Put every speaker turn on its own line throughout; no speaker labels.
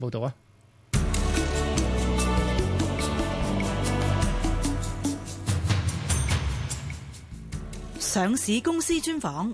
報道啊，上市公司專訪。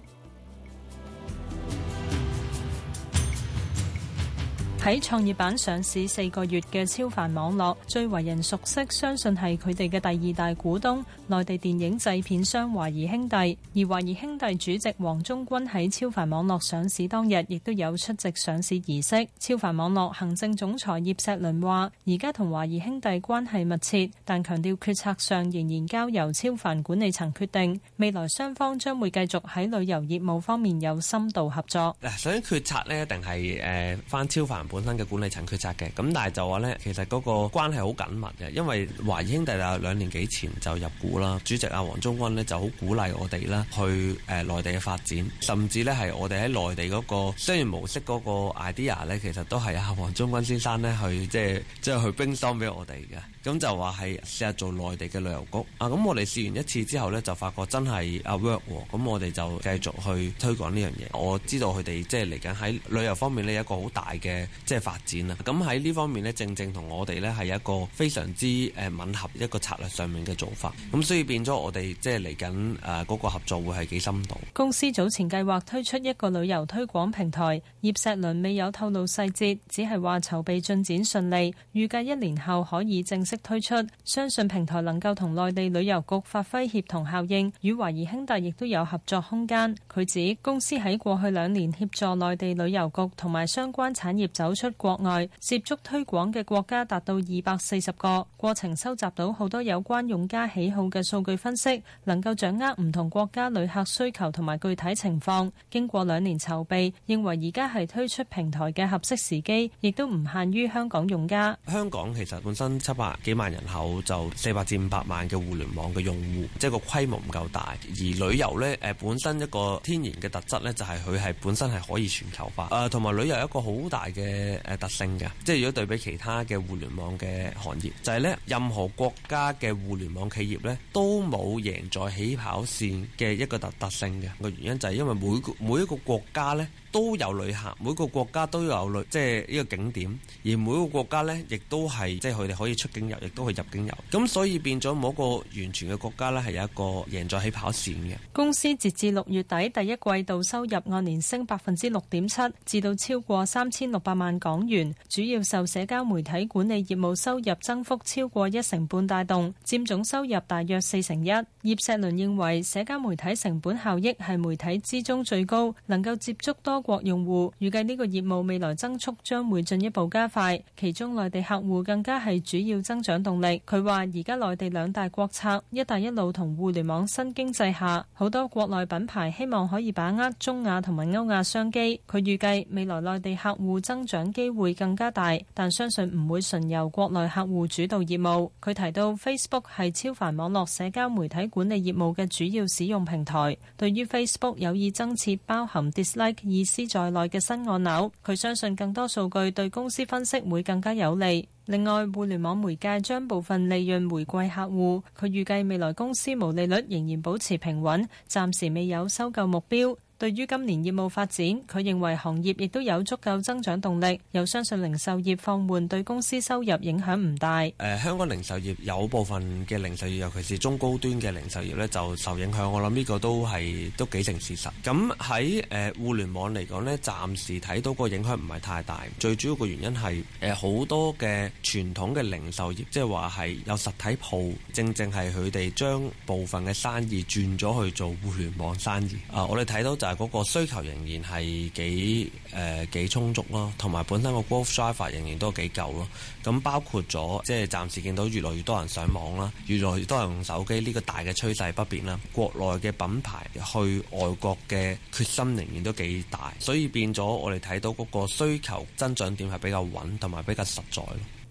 喺創業板上市四個月嘅超凡網絡，最為人熟悉，相信係佢哋嘅第二大股東，內地電影製片商華爾兄弟。而華誼兄弟主席王中軍喺超凡網絡上市當日，亦都有出席上市儀式。超凡網絡行政總裁葉碩麟話：而家同華誼兄弟關係密切，但強調決策上仍然交由超凡管理層決定。未來雙方將會繼續喺旅遊業務方面有深度合作。
嗱，所以決策呢，一定係誒翻超凡本身嘅管理層決策嘅，咁但係就話呢，其實嗰個關係好緊密嘅，因為華誼兄弟啊，兩年幾前就入股啦。主席阿王中軍呢，就好鼓勵我哋啦，去、呃、誒內地嘅發展，甚至呢係我哋喺內地嗰個商業模式嗰個 idea 呢，其實都係阿王中軍先生呢去即係即係去冰心俾我哋嘅。咁就話係試下做內地嘅旅遊局啊，咁我哋試完一次之後呢，就發覺真係啊 work 咁我哋就繼續去推廣呢樣嘢。我知道佢哋即係嚟緊喺旅遊方面呢，有一個好大嘅。即係發展啦。咁喺呢方面咧，正正同我哋呢係一個非常之吻合一個策略上面嘅做法。咁所以變咗我哋即係嚟緊誒嗰個合作會係幾深度。
公司早前計劃推出一個旅遊推廣平台，葉碩麟未有透露細節，只係話籌備進展順利，預計一年後可以正式推出。相信平台能夠同內地旅遊局發揮協同效應，與華誼兄弟亦都有合作空間。佢指公司喺過去兩年協助內地旅遊局同埋相關產業就。走出國外，涉足推廣嘅國家達到二百四十個，過程收集到好多有關用家喜好嘅數據分析，能夠掌握唔同國家旅客需求同埋具體情況。經過兩年籌備，認為而家係推出平台嘅合適時機，亦都唔限於香港用家。
香港其實本身七百幾萬人口就四百至五百萬嘅互聯網嘅用戶，即係個規模唔夠大。而旅遊呢，誒本身一個天然嘅特質呢，就係佢係本身係可以全球化，誒同埋旅遊一個好大嘅。嘅誒特性嘅，即係如果對比其他嘅互聯網嘅行業，就係咧任何國家嘅互聯網企業咧都冇贏在起跑線嘅一個特特性嘅個原因，就係因為每個每一個國家咧都有旅客，每個國家都有旅，即係呢個景點，而每一個國家咧亦都係即係佢哋可以出境遊亦都可以入境遊，咁所以變咗某一個完全嘅國家咧係有一個贏在起跑線嘅。
公司截至六月底第一季度收入按年升百分之六點七，至到超過三千六百萬。萬港元，主要受社交媒體管理業務收入增幅超過一成半帶動，占總收入大約四成一。葉碩麟認為，社交媒體成本效益係媒體之中最高，能夠接觸多國用戶。預計呢個業務未來增速將會進一步加快，其中內地客戶更加係主要增長動力。佢話而家內地兩大國策“一帶一路”同互聯網新經濟下，好多國內品牌希望可以把握中亞同埋歐亞商機。佢預計未來內地客戶增長。等機會更加大，但相信唔會純由國內客戶主導業務。佢提到 Facebook 係超凡網絡社交媒體管理業務嘅主要使用平台，對於 Facebook 有意增設包含 Dislike 意思在內嘅新按鈕，佢相信更多數據對公司分析會更加有利。另外，互聯網媒介將部分利潤回饋客戶。佢預計未來公司毛利率仍然保持平穩，暫時未有收購目標。對於今年業務發展，佢認為行業亦都有足夠增長動力，又相信零售業放緩對公司收入影響唔大。誒、
呃，香港零售業有部分嘅零售業，尤其是中高端嘅零售業呢就受影響。我諗呢個都係都幾成事實。咁喺誒互聯網嚟講呢暫時睇到個影響唔係太大。最主要嘅原因係誒好多嘅傳統嘅零售業，即係話係有實體鋪，正正係佢哋將部分嘅生意轉咗去做互聯網生意。啊，我哋睇到、就係但係嗰個需求仍然係幾誒幾充足咯，同埋本身個 growth driver 仍然都幾夠咯。咁包括咗即係暫時見到越來越多人上網啦，越來越多人用手機呢個大嘅趨勢不變啦。國內嘅品牌去外國嘅決心仍然都幾大，所以變咗我哋睇到嗰個需求增長點係比較穩同埋比較實在。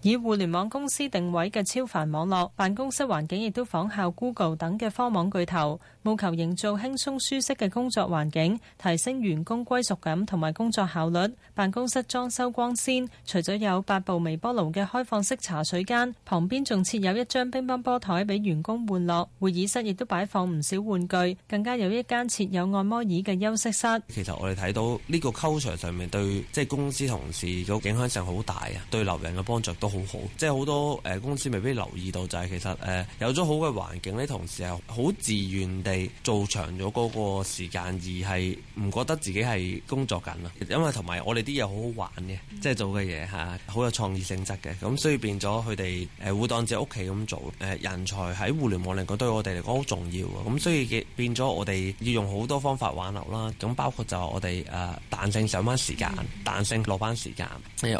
以互聯網公司定位嘅超凡網絡辦公室環境，亦都仿效 Google 等嘅科網巨頭，務求營造輕鬆舒適嘅工作環境，提升員工歸屬感同埋工作效率。辦公室裝修光鮮，除咗有八部微波爐嘅開放式茶水間，旁邊仲設有一張乒乓波台俾員工玩樂。會議室亦都擺放唔少玩具，更加有一間設有按摩椅嘅休息室。
其實我哋睇到呢個 culture 上面對即係公司同事，嗰影響性好大啊，對留人嘅幫助都好好，即係好多誒公司未必留意到，就係、是、其實誒有咗好嘅環境，呢，同事同時係好自願地做長咗嗰個時間，而係唔覺得自己係工作緊咯。因為同埋我哋啲嘢好好玩嘅，即係做嘅嘢嚇，好有創意性質嘅，咁所以變咗佢哋誒會當自己屋企咁做。誒人才喺互聯網嚟講，對我哋嚟講好重要㗎。咁所以嘅變咗，我哋要用好多方法挽留啦。咁包括就係我哋誒彈性上班時間、彈、嗯、性落班時間。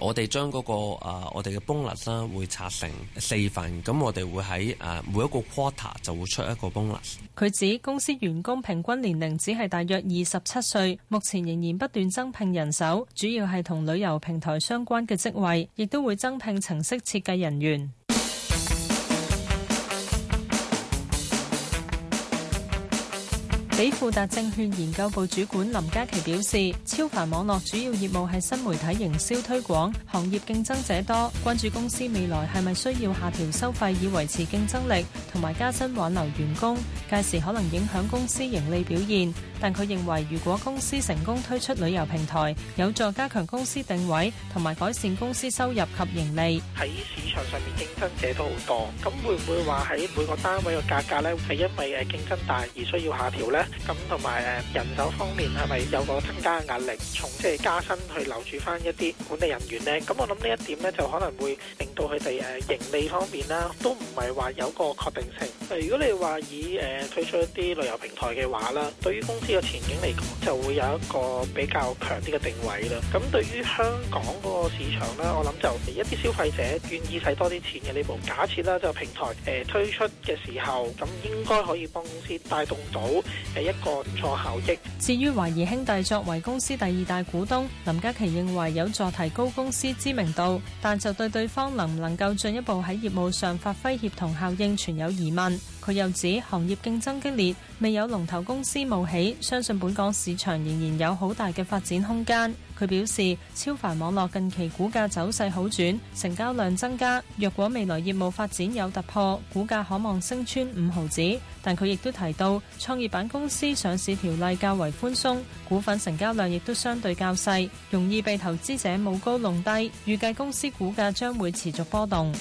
我哋將嗰個、呃、我哋嘅 bonus 啦，會拆成四份，咁我哋會喺誒每一個 quarter 就會出一個 bonus。
佢指公司員工平均年齡只係大約二十七歲，目前仍然不斷增聘人手，主要係同旅遊平台相關嘅職位，亦都會增聘程式設計人員。比富達證券研究部主管林嘉琪表示：超凡網絡主要業務係新媒體營銷推廣，行業競爭者多，關注公司未來係咪需要下調收費以維持競爭力，同埋加薪挽留員工，屆時可能影響公司盈利表現。但佢認為，如果公司成功推出旅遊平台，有助加強公司定位，同埋改善公司收入及盈利。喺市場上面競爭者都好多，咁會唔會話喺每個單位嘅價格咧係因為誒競爭大而需要下調咧？咁同埋誒人手方面係咪有個增加壓力，從即係加薪去留住翻一啲管理人員咧？咁我諗呢一點咧就可能會令到佢哋誒盈利方面啦，都唔係話有個確定性。如果你話以誒、呃、推出一啲旅遊平台嘅話啦，對於公司嘅前景嚟講，就會有一個比較強啲嘅定位啦。咁對於香港嗰個市場咧，我諗就一啲消費者願意使多啲錢嘅呢部。假設啦，就是、平台誒、呃、推出嘅時候，咁應該可以幫公司帶動到。係一個唔錯效益。至於華誼兄弟作為公司第二大股東，林嘉琪認為有助提高公司知名度，但就對對方能唔能夠進一步喺業務上發揮協同效應，存有疑問。佢又指，行業競爭激烈，未有龍頭公司冒起，相信本港市場仍然有好大嘅發展空間。佢表示，超凡網絡近期股價走勢好轉，成交量增加。若果未來業務發展有突破，股價可望升穿五毫子。但佢亦都提到，創業板公司上市條例較為寬鬆，股份成交量亦都相對較細，容易被投資者舞高弄低，預計公司股價將會持續波動。